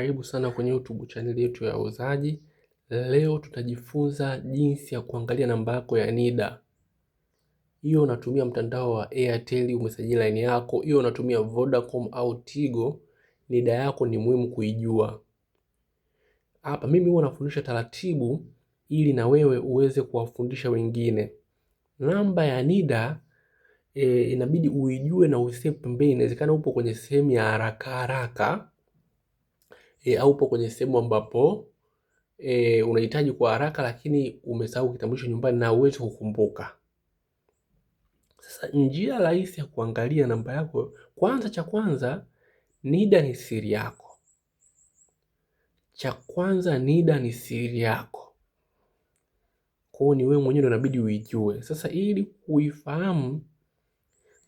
Karibu sana kwenye YouTube channel yetu ya Wauzaji. Leo tutajifunza jinsi ya kuangalia namba yako ya NIDA. Hiyo unatumia mtandao wa Airtel, umesajili line yako, hiyo unatumia Vodacom au Tigo, NIDA yako ni muhimu kuijua. Hapa mimi huwa nafundisha taratibu ili na wewe uweze kuwafundisha wengine. Namba ya NIDA e, inabidi uijue na usiwe pembeni. Inawezekana upo kwenye sehemu ya haraka haraka e, au upo kwenye sehemu ambapo e, unahitaji kwa haraka, lakini umesahau kitambulisho nyumbani na huwezi kukumbuka. Sasa njia rahisi ya kuangalia namba yako, kwanza, cha kwanza NIDA ni siri yako. Cha kwanza NIDA ni siri yako, kwao ni wewe mwenyewe ndio inabidi uijue. Sasa ili kuifahamu,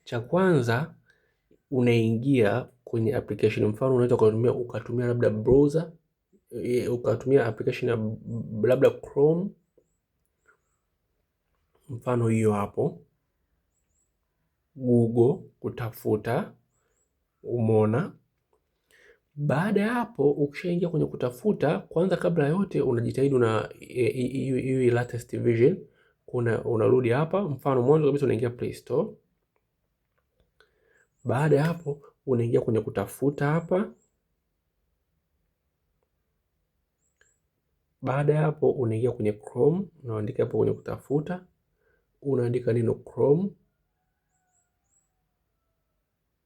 cha kwanza unaingia kwenye application. Mfano unaweza kutumia ukatumia labda browser e, ukatumia application ya labda Chrome, mfano hiyo hapo Google kutafuta, umona. Baada ya hapo, ukishaingia kwenye kutafuta, kwanza kabla yote unajitahidi una hiyo e, latest version, kuna unarudi hapa, mfano mwanzo kabisa unaingia Play Store. Baada ya hapo unaingia kwenye kutafuta hapa. Baada ya hapo, unaingia kwenye Chrome, unaandika hapo kwenye kutafuta, unaandika neno Chrome.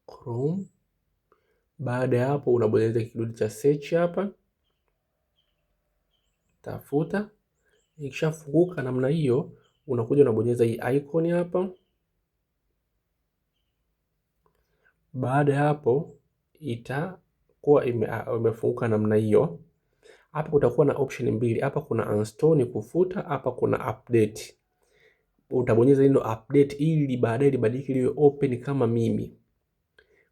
Chrome. Baada ya hapo, unabonyeza kidude cha search hapa, tafuta. Ikishafunguka namna hiyo, unakuja unabonyeza hii icon hapa Baada ya hapo itakuwa ah, imefunguka namna hiyo. Hapa kutakuwa na option mbili, hapa kuna uninstall ni kufuta, hapa kuna update. Utabonyeza neno update ili baadaye libadilike liwe open kama mimi,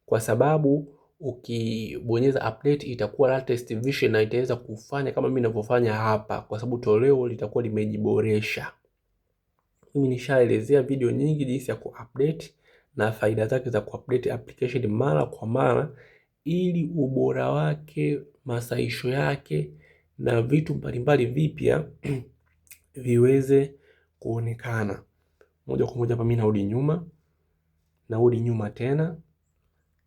kwa sababu ukibonyeza update itakuwa latest version na itaweza kufanya kama mimi ninavyofanya hapa, kwa sababu toleo litakuwa limejiboresha. Mimi nishaelezea video nyingi jinsi ya kuupdate na faida zake za kuupdate application mara kwa mara ili ubora wake, masaisho yake na vitu mbalimbali vipya viweze kuonekana. Moja kwa moja hapa mimi narudi nyuma, narudi nyuma tena,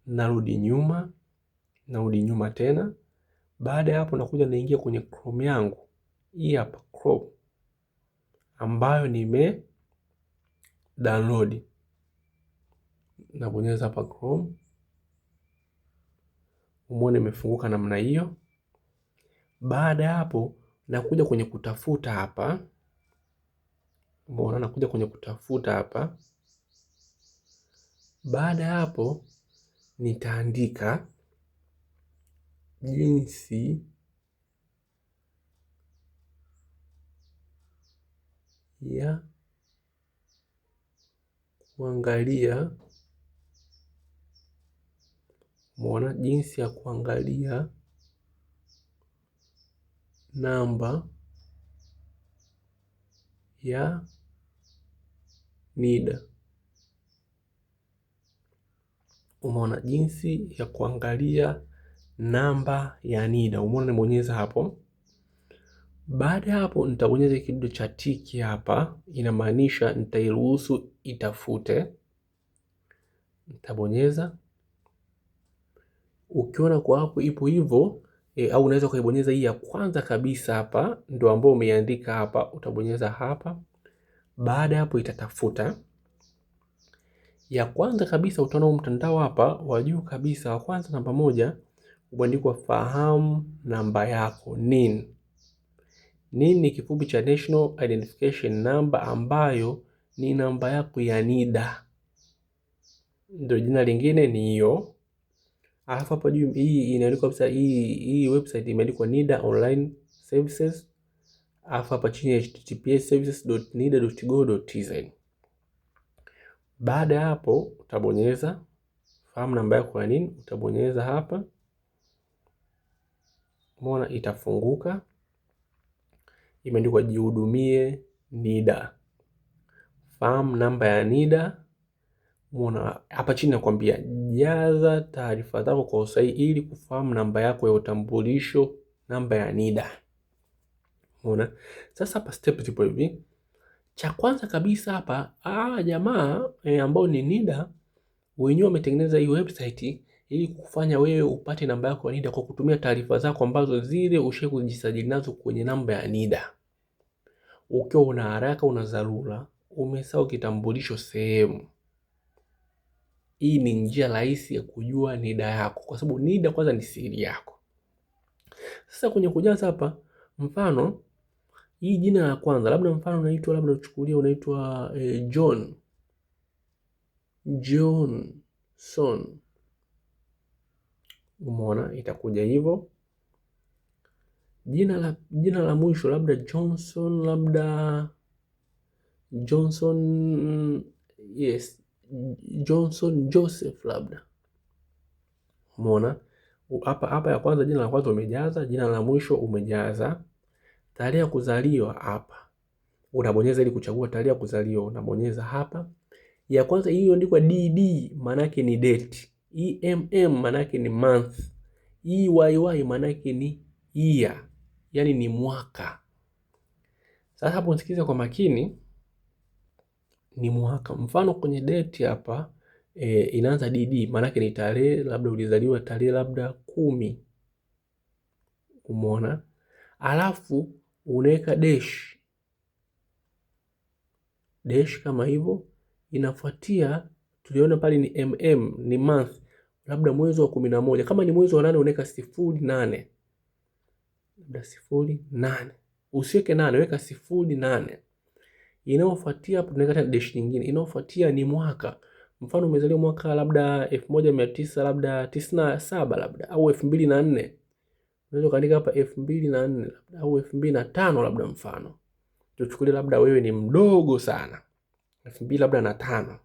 narudi nyuma, narudi nyuma tena. Baada ya hapo nakuja naingia kwenye Chrome yangu. Hii hapa Chrome ambayo nime download nabonyeza hapa Chrome, umwone imefunguka namna hiyo. Baada ya hapo, nakuja kwenye kutafuta hapa, Umeona nakuja kwenye kutafuta hapa. Baada ya hapo, nitaandika jinsi ya kuangalia Umeona jinsi ya kuangalia namba ya NIDA. Umeona jinsi ya kuangalia namba ya NIDA. Umeona nimebonyeza hapo. Baada ya hapo, nitabonyeza kidude cha tiki hapa, inamaanisha nitairuhusu itafute. Nitabonyeza Ukiona kwa hapo ipo hivyo e, au unaweza ukaibonyeza hii ya kwanza kabisa hapa, ndio ambayo umeandika hapa, utabonyeza hapa. Baada hapo itatafuta ya kwanza kabisa, utaona mtandao hapa wa juu kabisa wa kwanza, namba moja, ubandikwa fahamu namba yako NIN. NIN ni kifupi cha National Identification Number, ambayo ni namba yako ya NIDA, ndio jina lingine ni hiyo Alafu hapa juu hii inaandikwa kabisa, hii hii website imeandikwa NIDA online services, alafu hapa chini https services.nida.go.tz. Baada ya hapo utabonyeza fahamu namba yako ya nini, utabonyeza hapa, umeona itafunguka, imeandikwa jihudumie NIDA, fahamu namba ya NIDA. Umeona hapa chini nakwambia Jaza taarifa zako kwa usahihi ili kufahamu namba yako ya utambulisho, namba ya NIDA. Unaona? Sasa hapa step zipo hivi. Cha kwanza kabisa hapa, ah, jamaa e, ambao ni NIDA wenyewe wametengeneza hii website ili kufanya wewe upate namba yako ya NIDA kwa kutumia taarifa zako ambazo zile ushe kujisajili nazo kwenye namba ya NIDA. Ukiwa una haraka, una dharura, umesahau kitambulisho sehemu hii ni njia rahisi ya kujua NIDA yako, kwa sababu NIDA kwanza ni siri yako. Sasa kwenye kujaza hapa, mfano hii jina la kwanza, labda mfano unaitwa labda, uchukulia unaitwa eh, John Johnson. Umeona, itakuja hivyo. Jina la, jina la mwisho labda Johnson, labda Johnson, yes Johnson Joseph labda. Umeona? Hapa hapa ya kwanza jina la kwanza umejaza, jina la mwisho umejaza. Tarehe ya kuzaliwa hapa. Unabonyeza ili kuchagua tarehe ya kuzaliwa, unabonyeza hapa. Ya kwanza hii iliyoandikwa DD maana ni date. EMM maana ni month. EYY maana ni year. Yaani ni mwaka. Sasa hapo nisikize kwa makini ni mwaka. Mfano kwenye date hapa e, inaanza DD maanake ni tarehe, labda ulizaliwa tarehe labda kumi, umeona, alafu unaweka dash dash kama hivyo, inafuatia tuliona pale ni mm, ni month, labda mwezi wa kumi na moja. Kama ni mwezi wa nane unaweka sifuri nane, labda sifuri nane, usiweke nane, weka sifuri nane inayofuatia tunaenda dash nyingine, inayofuatia ni mwaka. Mfano umezaliwa mwaka labda elfu labda 97 labda au 2004 unaweza ukaandika hapa 2004 labda au 2005 labda mfano tuchukulie labda wewe ni mdogo sana 2000 labda na tano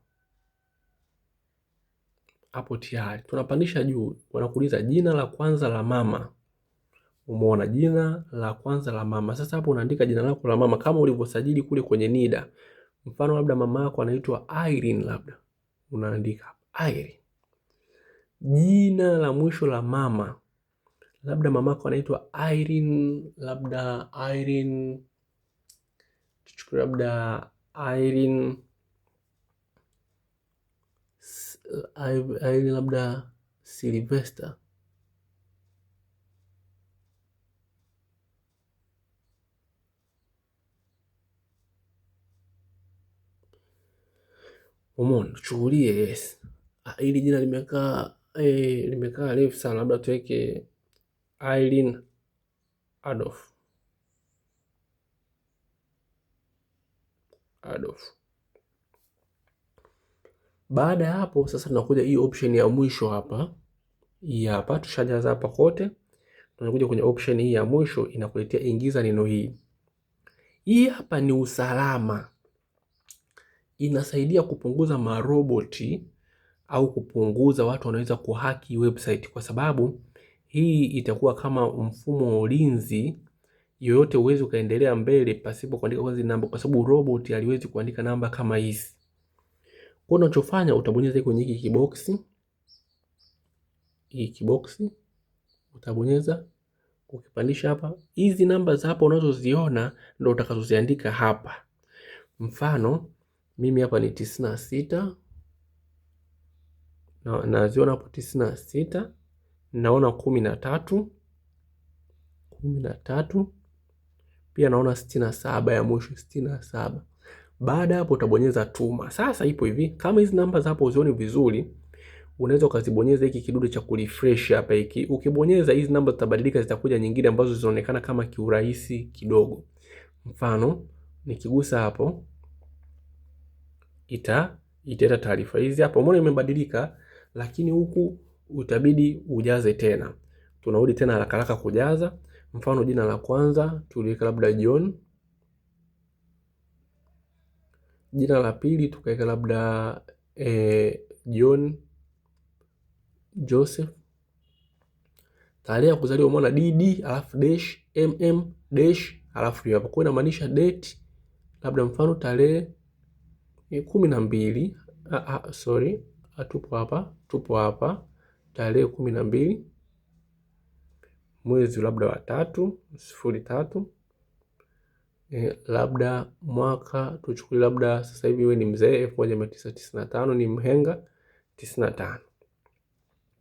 hapo tayari tunapandisha juu, wanakuuliza jina la kwanza la mama umeona jina la kwanza la mama. Sasa hapo unaandika jina lako la mama kama ulivyosajili kule kwenye NIDA. Mfano labda mama yako anaitwa Irene, labda unaandika Irene. Jina la mwisho la mama, labda mama yako anaitwa Irene, labda Irene, tuchukue labda Irene Irene, labda Sylvester umeona, chukulie yes, ah, hili jina limekaa eh, limekaa refu sana, labda tuweke Irene Adolf Adolf. Baada ya hapo sasa, tunakuja hii option ya mwisho hapa hii hapa, tushajaza hapa kote, tunakuja kwenye option hii ya mwisho, inakuletea ingiza neno hili. Hii hapa ni usalama inasaidia kupunguza maroboti au kupunguza watu wanaweza kuhaki website, kwa sababu hii itakuwa kama mfumo wa ulinzi. Yoyote uwezi ukaendelea mbele pasipo kuandika kwanza namba, kwa sababu robot haliwezi kuandika namba kama hizi. Kwa unachofanya utabonyeza kwenye hiki kiboksi, hiki kiboksi utabonyeza ukipandisha hapa, hizi namba za hapa unazoziona ndio utakazoziandika hapa. Mfano mimi hapa ni tisini na sita naziona hapo tisini na sita naona kumi na tatu kumi na tatu pia naona sitini na saba ya mwisho sitini na saba Baada hapo utabonyeza tuma. Sasa ipo hivi, kama hizi namba hapo uzioni vizuri, unaweza ukazibonyeza hiki kidude cha kurefresh hapa hiki. Ukibonyeza hizi namba zitabadilika, zitakuja nyingine ambazo zinaonekana kama kiurahisi kidogo. Mfano nikigusa hapo ita italeta taarifa hizi hapa. Umeona imebadilika, lakini huku utabidi ujaze tena. Tunarudi tena haraka haraka kujaza. Mfano jina la kwanza tuliweka labda John, jina la pili tukaweka labda eh, John Joseph, tarehe ya kuzaliwa umeona DD, alafu dash mm dash, alafu hapo kwa inamaanisha date, labda mfano tarehe e, kumi na mbili sorry, tupo hapa tupo hapa tarehe kumi na mbili mwezi labda wa tatu sifuri tatu e, labda mwaka tuchukuli labda sasa hivi ni mzee elfu moja mia tisa tisini na tano ni mhenga tisini na tano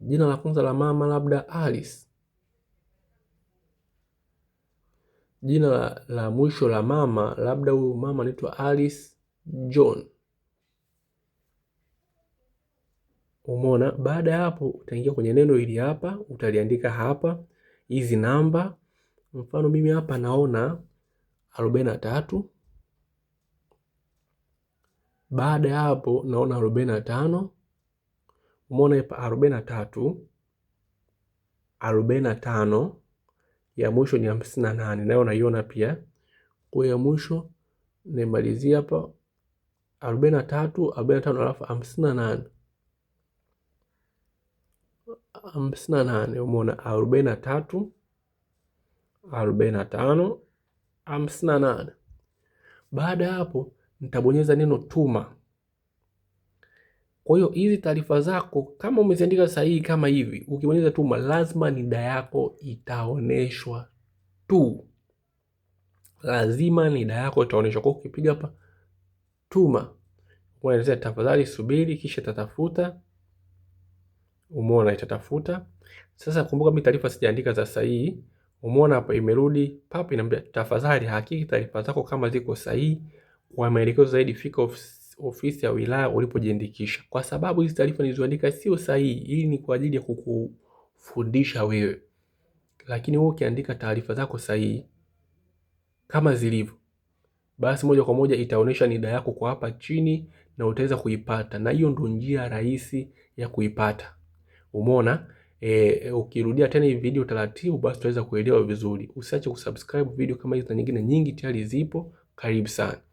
Jina la kwanza la mama labda Alice. Jina la, la mwisho la mama labda huyu mama anaitwa Alice John. Umeona? Baada ya hapo utaingia kwenye neno hili hapa, utaliandika hapa hizi namba. Mfano mimi hapa naona arobaini na tatu. Baada ya hapo naona arobaini na tano. Umeona hapa arobaini na tatu, arobaini na tano ya mwisho ni hamsini na nane, nayo naiona pia. Kwa ya mwisho nimalizia hapa arobaini na tatu, arobaini na tano alafu hamsini na nane hamsini na nane umeona arobaini na tatu arobaini na tano hamsini na nane Baada ya hapo nitabonyeza neno tuma. Kwa hiyo hizi taarifa zako kama umeziandika sahihi kama hivi, ukibonyeza tuma, lazima nida yako itaoneshwa tu, lazima nida yako itaoneshwa. Kwa ukipiga hapa tuma, tafadhali subiri, kisha tatafuta Umeona itatafuta. Sasa kumbuka mimi taarifa sijaandika za sahihi. Umeona hapa imerudi pap, inambia tafadhali hakiki taarifa zako kama ziko sahihi. Kwa maelekezo zaidi fika ofisi, ofisi ya wilaya ulipojiandikisha. Kwa sababu hizi taarifa nilizoandika sio sahihi, hii ni kwa ajili ya kukufundisha wewe. Lakini wewe ukiandika taarifa zako sahihi kama zilivyo, basi moja kwa moja itaonyesha nida yako kwa hapa chini na utaweza kuipata, na hiyo ndio njia rahisi ya kuipata. Umeona? E, ukirudia tena hii video taratibu, basi utaweza kuelewa vizuri. Usiache kusubscribe video kama hizi na nyingine nyingi tayari zipo. Karibu sana.